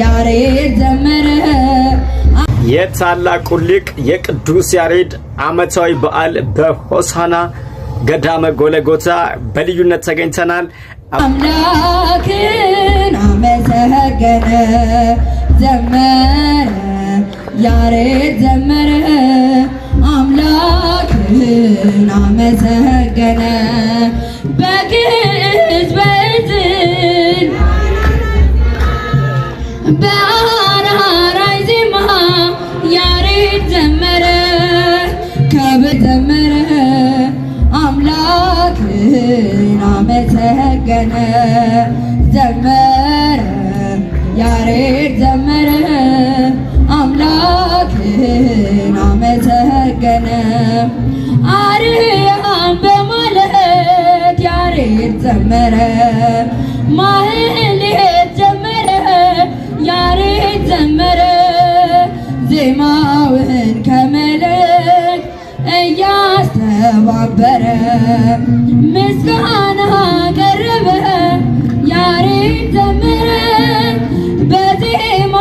ያሬድ ዘመረ። የታላቁ ሊቅ የቅዱስ ያሬድ ዓመታዊ በዓል በሆሳና ገዳመ ጎለጎታ በልዩነት ተገኝተናል። አምላክን አመሰገነ ዘመረ ያሬድ ዘመረ አምላክን አመሰገነ በግዕዝ አምላክን አመሰገነ ዘመረ ያሬድ ዘመረ አምላክን አመሰገነ አርያም በማለት ያሬድ ዘመረ ማህሌት ዘመረ ያሬድ ዘመረ ዜማ ተባበረ ምስጋና ቀረበ ያሬድ ዘመረ በዜማ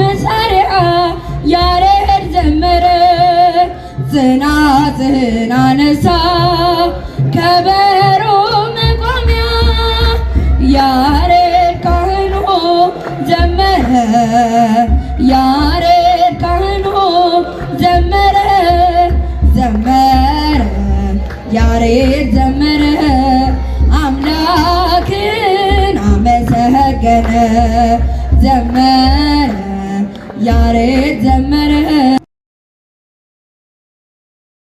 መሳሪያ ያሬድ ዘመረ ጽና አነሳ ከበሮ መሬት ዘመረ አምላክን አመሰገነ ዘመረ ያሬት ዘመረ